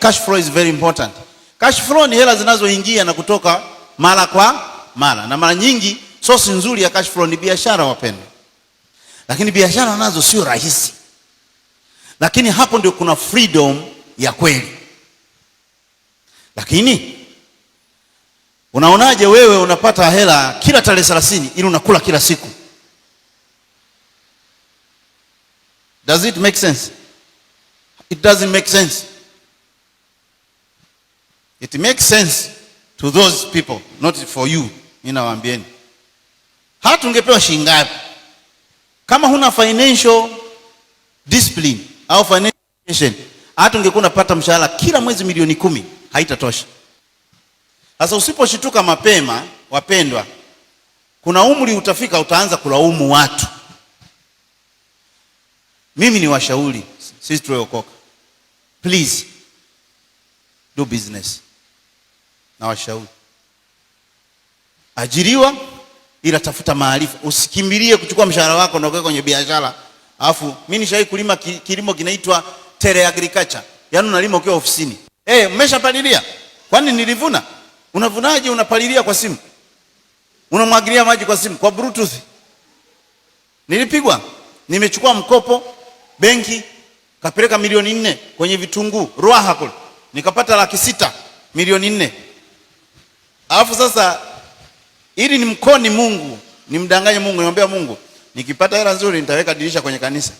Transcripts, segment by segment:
Cash flow is very important. Cash flow ni hela zinazoingia na kutoka mara kwa mara, na mara nyingi sosi nzuri ya cash flow ni biashara, wapendwa. Lakini biashara nazo sio rahisi, lakini hapo ndio kuna freedom ya kweli. Lakini unaonaje wewe unapata hela kila tarehe 30 ili unakula kila siku? Does it make sense? It doesn't make sense. It makes sense to those people, not for you. Ninawaambieni, hata ungepewa shilingi ngapi, kama huna financial discipline au financial education, hata ungekuwa unapata mshahara kila mwezi milioni kumi, haitatosha. Sasa usiposhituka mapema, wapendwa, kuna umri utafika, utaanza kulaumu watu. Mimi ni washauri sisi tuliokoka, please do business na washauri. Ajiriwa ila tafuta maarifa, usikimbilie kuchukua mshahara wako na kuweka kwenye biashara. Alafu mimi nishawahi kulima ki, kilimo kinaitwa tele agriculture, yaani unalima ukiwa ofisini. Eh, mmeshapalilia? Kwani nilivuna? Unavunaje? Unapalilia kwa simu, unamwagilia maji kwa simu, kwa bluetooth. Nilipigwa, nimechukua mkopo benki, kapeleka milioni nne kwenye vitunguu Ruaha kule, nikapata laki sita milioni nne. Alafu sasa ili ni nimkoni Mungu, nimdanganye Mungu, niombea Mungu, nikipata hela nzuri nitaweka dirisha kwenye kanisa.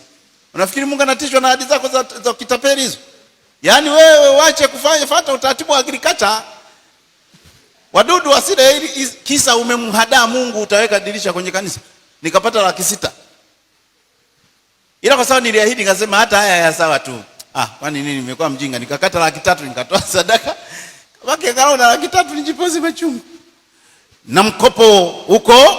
Unafikiri Mungu anatishwa na hadithi zako za, za kitapeli hizo? Yaani wewe wache kufanya fata utaratibu wa agriculture. Wadudu wasile ili kisa umemhadaa Mungu utaweka dirisha kwenye kanisa. Nikapata laki sita. Ila kwa sababu niliahidi nikasema hata haya ya sawa tu. Ah, kwani nini nimekuwa mjinga nikakata laki tatu nikatoa sadaka wake kala na laki tatu jipozi machungu na mkopo huko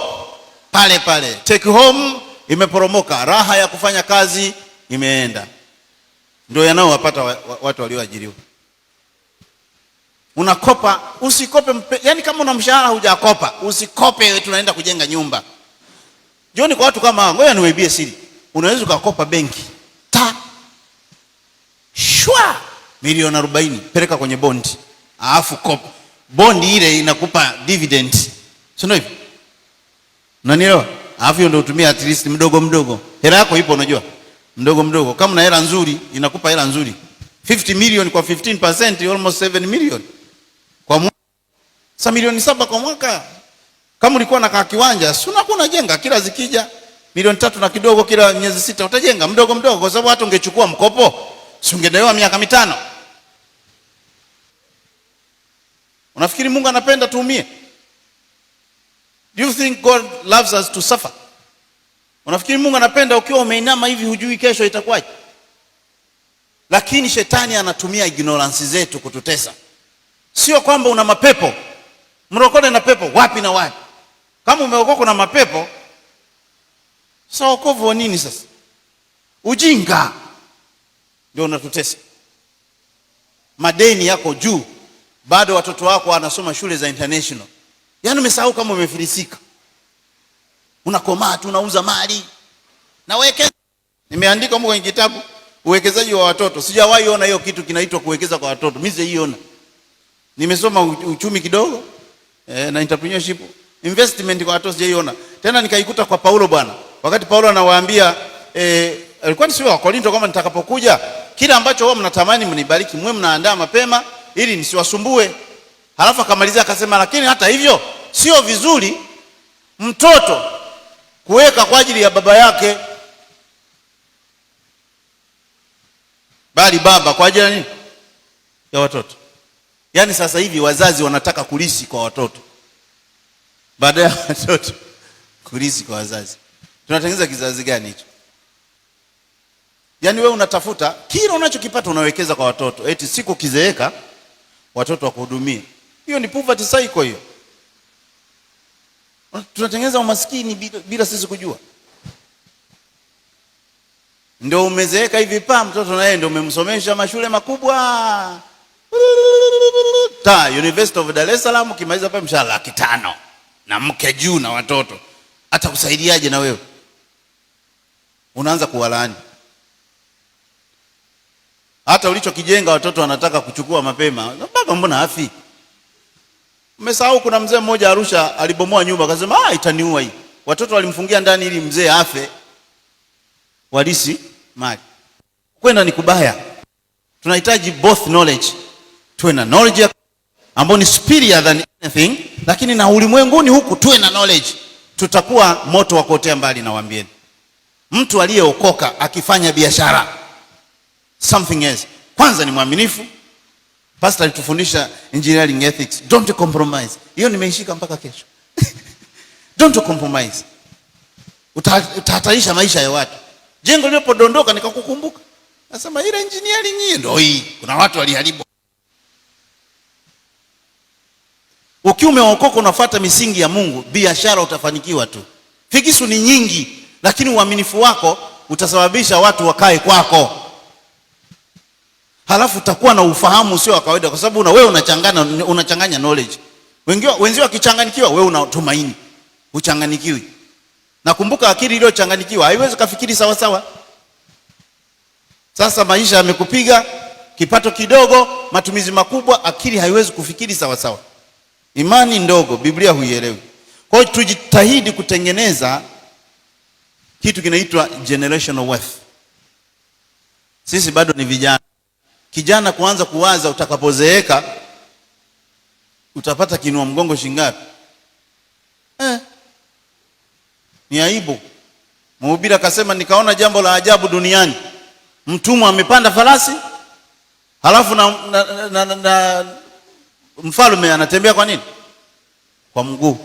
pale pale, take home imeporomoka, raha ya kufanya kazi imeenda. Ndio yanaowapata watu walioajiriwa. Unakopa, usikope mpe, yani kama una mshahara hujakopa usikope, tunaenda kujenga nyumba. Jioni kwa watu kama hao, ngoja niwaibie siri, unaweza ukakopa benki ta shwa milioni arobaini, peleka kwenye bondi alafu kop bondi ile inakupa dividend, si ndio hivyo? Unanielewa? Alafu hiyo ndio utumia at least mdogo mdogo, hela yako ipo, unajua mdogo mdogo. Kama una hela nzuri, inakupa hela nzuri 50 million kwa 15% almost 7 million kwa mwaka, sa milioni saba kwa mwaka. Kama ulikuwa na kaa kiwanja, si unakuwa unajenga kila zikija milioni tatu na kidogo, kila miezi sita utajenga mdogo mdogo, kwa sababu hata ungechukua mkopo si ungedaiwa miaka mitano. Unafikiri Mungu anapenda tuumie? Do you think God loves us to suffer? Unafikiri Mungu anapenda ukiwa umeinama hivi hujui kesho itakuwaje? Lakini shetani anatumia ignorance zetu kututesa. Sio kwamba una mapepo. Mrokole na pepo wapi na wapi? Kama umeokoka na mapepo, sasa wokovu wa nini sasa? Ujinga ndio unatutesa. Madeni yako juu bado watoto wako wanasoma shule za international. Yaani umesahau kama umefilisika, unakomaa tu unauza mali na wekeza. Nimeandika huko kwenye kitabu uwekezaji wa watoto. Sijawahi ona hiyo kitu kinaitwa kuwekeza kwa watoto, mimi sijaiona. Nimesoma uchumi kidogo eh, na entrepreneurship investment kwa watoto sijaiona tena, nikaikuta kwa Paulo bwana, wakati Paulo anawaambia eh, alikuwa ni sio wa Korinto, kama nitakapokuja kile ambacho wao mnatamani mnibariki, mwe mnaandaa mapema ili nisiwasumbue. Halafu akamalizia akasema, lakini hata hivyo sio vizuri mtoto kuweka kwa ajili ya baba yake, bali baba kwa ajili ya nini? Ya watoto. Yaani sasa hivi wazazi wanataka kulisi kwa watoto baada ya watoto kulisi kwa wazazi. Tunatengeneza kizazi gani hicho? Yaani wewe unatafuta kile unachokipata unawekeza kwa watoto, eti siku kizeeka watoto wakuhudumie. Hiyo ni poverty cycle hiyo. Ah, tunatengeneza umaskini bila, bila sisi kujua. Ndio umezeeka hivi pa mtoto naye ndio umemsomesha mashule makubwa ta University of Dar es Salaam, ukimaliza pale mshahara laki tano na mke juu na watoto, atakusaidiaje? Na wewe unaanza kuwalaani hata ulichokijenga watoto wanataka kuchukua mapema. Baba, mbona hafi? Umesahau kuna mzee mmoja Arusha alibomoa nyumba akasema, ah, itaniua hii. Watoto walimfungia ndani ili mzee afe, walisi mali. Kwenda ni kubaya. Tunahitaji both knowledge, tuwe na knowledge ambayo ni superior than anything, lakini na ulimwenguni huku tuwe na knowledge, tutakuwa moto wa kuotea mbali. Nawaambieni, mtu aliyeokoka akifanya biashara something else. Kwanza ni mwaminifu. Pastor alitufundisha engineering ethics. Don't compromise. Hiyo nimeishika mpaka kesho. Don't compromise. Utahatarisha maisha ya watu. Jengo lilipodondoka nikakukumbuka. Nasema ile engineering hii ndio hii. Kuna watu waliharibu. Ukiwa umeokoka unafuata misingi ya Mungu, biashara utafanikiwa tu. Fikisu ni nyingi, lakini uaminifu wako utasababisha watu wakae kwako. kwa halafu utakuwa na ufahamu sio wa kawaida, kwa sababu una wewe unachanganya, unachanganya knowledge. Wengine wenzio wakichanganyikiwa, wewe unatumaini, uchanganyikiwi. Nakumbuka akili iliyochanganyikiwa haiwezi kafikiri sawa sawa. Sasa maisha yamekupiga kipato kidogo, matumizi makubwa, akili haiwezi kufikiri sawa sawa, imani ndogo, Biblia huielewi. Kwa hiyo tujitahidi kutengeneza kitu kinaitwa generational wealth. Sisi bado ni vijana kijana kuanza kuwaza utakapozeeka utapata kinua mgongo shingapi? Eh, ni aibu. Mhubiri akasema, nikaona jambo la ajabu duniani, mtumwa amepanda farasi halafu na, na, na, na, na mfalme anatembea kwa nini? Kwa mguu.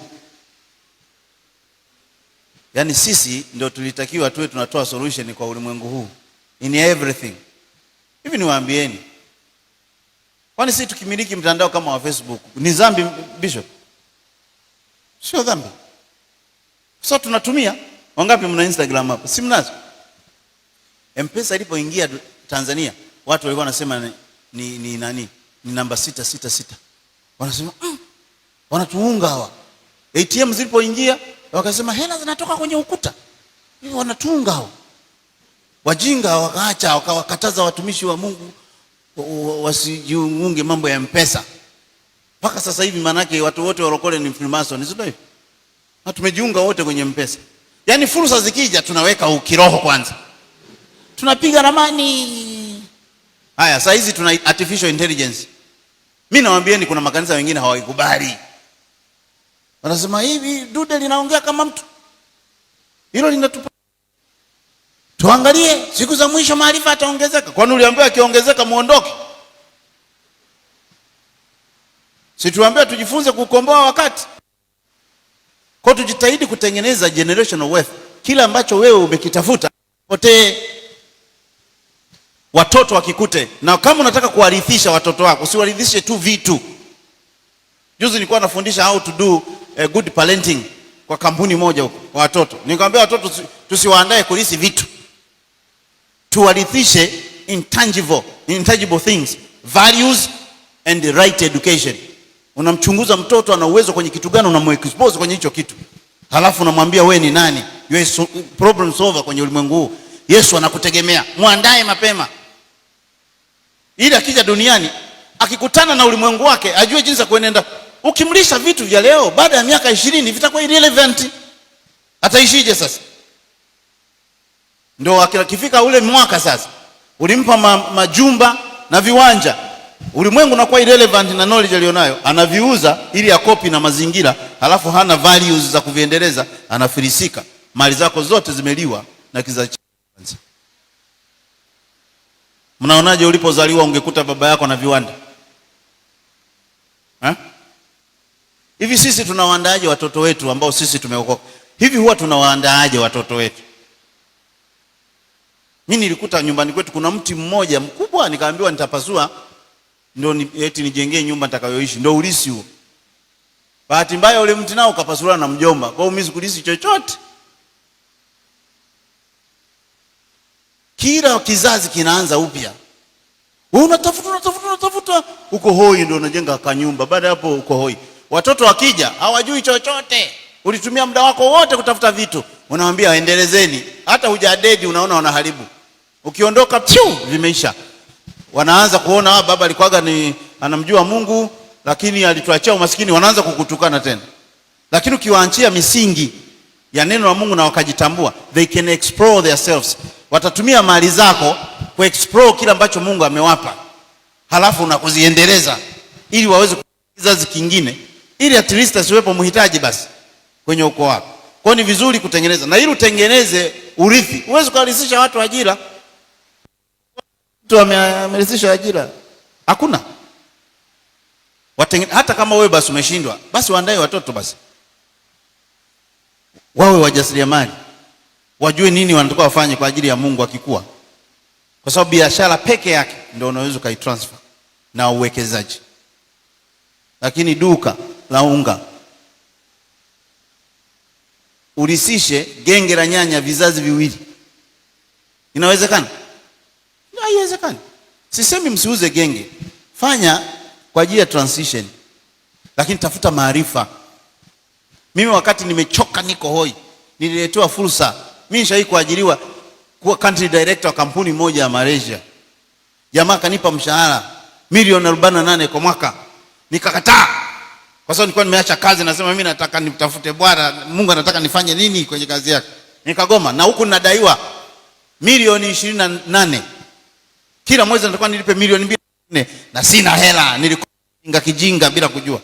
Yaani sisi ndio tulitakiwa tuwe tunatoa solution kwa ulimwengu huu in everything. Hivi niwaambieni, kwani sisi tukimiliki mtandao kama wa Facebook ni dhambi Bishop? Sio dhambi. Sasa tunatumia wangapi? Mna Instagram hapa, si mnazo? Mpesa ilipoingia Tanzania watu walikuwa wanasema ni, ni, ni nani ni namba sita sita sita, wanasema mm, wanatuunga hawa. ATM zilipoingia wakasema hela zinatoka kwenye ukuta, wanatuunga hawa. Wajinga wakaacha wakawakataza watumishi wa Mungu wasijiunge mambo ya mpesa. Mpaka sasa hivi maanake watu wote warokole ni Freemason, sio hivyo? Na tumejiunga wote kwenye mpesa. Yaani fursa zikija tunaweka ukiroho kwanza. Tunapiga ramani. Haya, sasa hizi tuna artificial intelligence. Mimi nawaambieni kuna makanisa mengine hawaikubali. Wanasema hivi dude linaongea kama mtu. Hilo linatupa tuangalie siku za mwisho maarifa ataongezeka. Kwani uliambiwa akiongezeka muondoke? Si tuambiwa tujifunze kukomboa wakati. Kwa tujitahidi kutengeneza generational wealth. Kila ambacho wewe umekitafuta potee, watoto wakikute. Na kama unataka kuwarithisha watoto wako, usiwarithishe tu vitu. Juzi nilikuwa nafundisha how to do a eh, good parenting kwa kampuni moja huko kwa watoto, nikamwambia watoto tusiwaandae kulisi vitu tuwarithishe intangible, intangible things, values and the right education. Unamchunguza mtoto ana uwezo kwenye kitu gani, unamexpose kwenye hicho kitu, halafu unamwambia we ni nani, you are problem solver kwenye ulimwengu huu. Yesu anakutegemea, mwandae mapema ili akija duniani akikutana na ulimwengu wake ajue jinsi ya kuenenda. Ukimlisha vitu vya leo, baada ya miaka ishirini vitakuwa irrelevant. Ataishije sasa? Ndio akifika ule mwaka sasa, ulimpa ma, majumba na viwanja, ulimwengu unakuwa irrelevant na knowledge aliyonayo, anaviuza ili akopi na mazingira, alafu hana values za kuviendeleza, anafilisika. Mali zako zote zimeliwa na kizazi. Mnaonaje ulipozaliwa ungekuta baba yako na viwanda ha? Hivi sisi tunawaandaaje watoto wetu ambao sisi tumeokoka? Hivi huwa tunawaandaaje watoto wetu? Mimi nilikuta nyumbani kwetu kuna mti mmoja mkubwa, nikaambiwa nitapasua ndio ni, eti nijengee nyumba nitakayoishi, ndio ulisi huo. Bahati mbaya ule mti nao ukapasuliwa na mjomba, kwa hiyo mimi sikulisi chochote. Kila kizazi kinaanza upya, wewe unatafuta unatafuta unatafuta, uko hoi, ndio unajenga kanyumba. Baada hapo uko hoi, watoto wakija hawajui chochote, ulitumia muda wako wote kutafuta vitu, unawaambia waendelezeni, hata hujadedi, unaona wanaharibu Ukiondoka pyu vimeisha. Wanaanza kuona ah, baba alikuwaga ni anamjua Mungu lakini alituachia umaskini, wanaanza kukutukana tena. Lakini ukiwaachia misingi ya neno la Mungu na wakajitambua, they can explore themselves. Watatumia mali zako ku explore kile ambacho Mungu amewapa, halafu na kuziendeleza ili waweze kizazi kingine, ili at least asiwepo mhitaji basi kwenye ukoo wako. Kwa ni vizuri kutengeneza na ili utengeneze urithi, uweze kuwalisisha watu ajira mtu ameridhisha ajira hakuna. Watengine, hata kama wewe basi umeshindwa, basi waandae watoto basi wawe wajasiriamali, wajue nini wanatakiwa wafanye kwa ajili ya Mungu akikua, kwa sababu biashara peke yake ndio unaweza ukaitransfer na uwekezaji, lakini duka la unga ulisishe genge la nyanya vizazi viwili, inawezekana? Haiwezekani. Sisemi msiuze genge, fanya kwa ajili ya transition, lakini tafuta maarifa. Mimi wakati nimechoka, niko hoi, nililetewa fursa. Mimi nishawahi kuajiriwa kuwa country director wa kampuni moja ya Malaysia. Jamaa kanipa mshahara milioni 48 kwa mwaka, nikakataa kwa sababu nilikuwa nimeacha kazi. Nasema mimi nataka nimtafute Bwana Mungu, anataka nifanye nini kwenye kazi yake, nikagoma. Na huku nadaiwa milioni nane kila mwezi natakuwa nilipe milioni mbili na sina hela, nilikuwa kijinga bila kujua.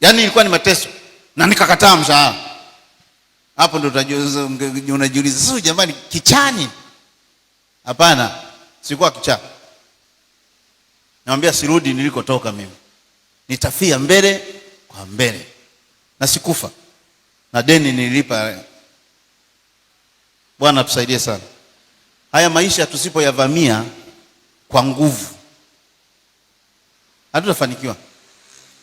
Yaani ilikuwa ni mateso na nikakataa mshahara. Hapo ndo unajiuliza sasa, jamani, kichani? Hapana, sikuwa kichaa. Namwambia sirudi nilikotoka mimi, nitafia mbele kwa mbele, na sikufa na deni nililipa. Bwana tusaidie sana. Haya maisha tusipoyavamia kwa nguvu hatutafanikiwa.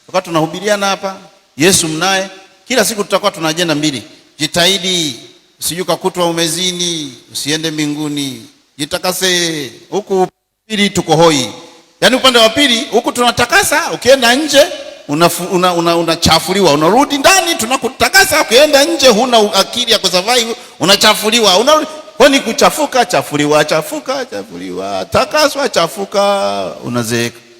Wakati tunahubiriana hapa, Yesu mnaye kila siku, tutakuwa tuna ajenda mbili: jitahidi usiju kakutwa umezini, usiende mbinguni, jitakase huku, pili tuko hoi. Yaani upande wa pili huku tunatakasa, ukienda nje unachafuliwa una, una, unarudi ndani tunakutakasa, ukienda nje huna akili ya kusurvive unachafuliwa, unarudi kwani kuchafuka, chafuliwa, chafuka, chafuliwa, takaswa, chafuka, unazeeka.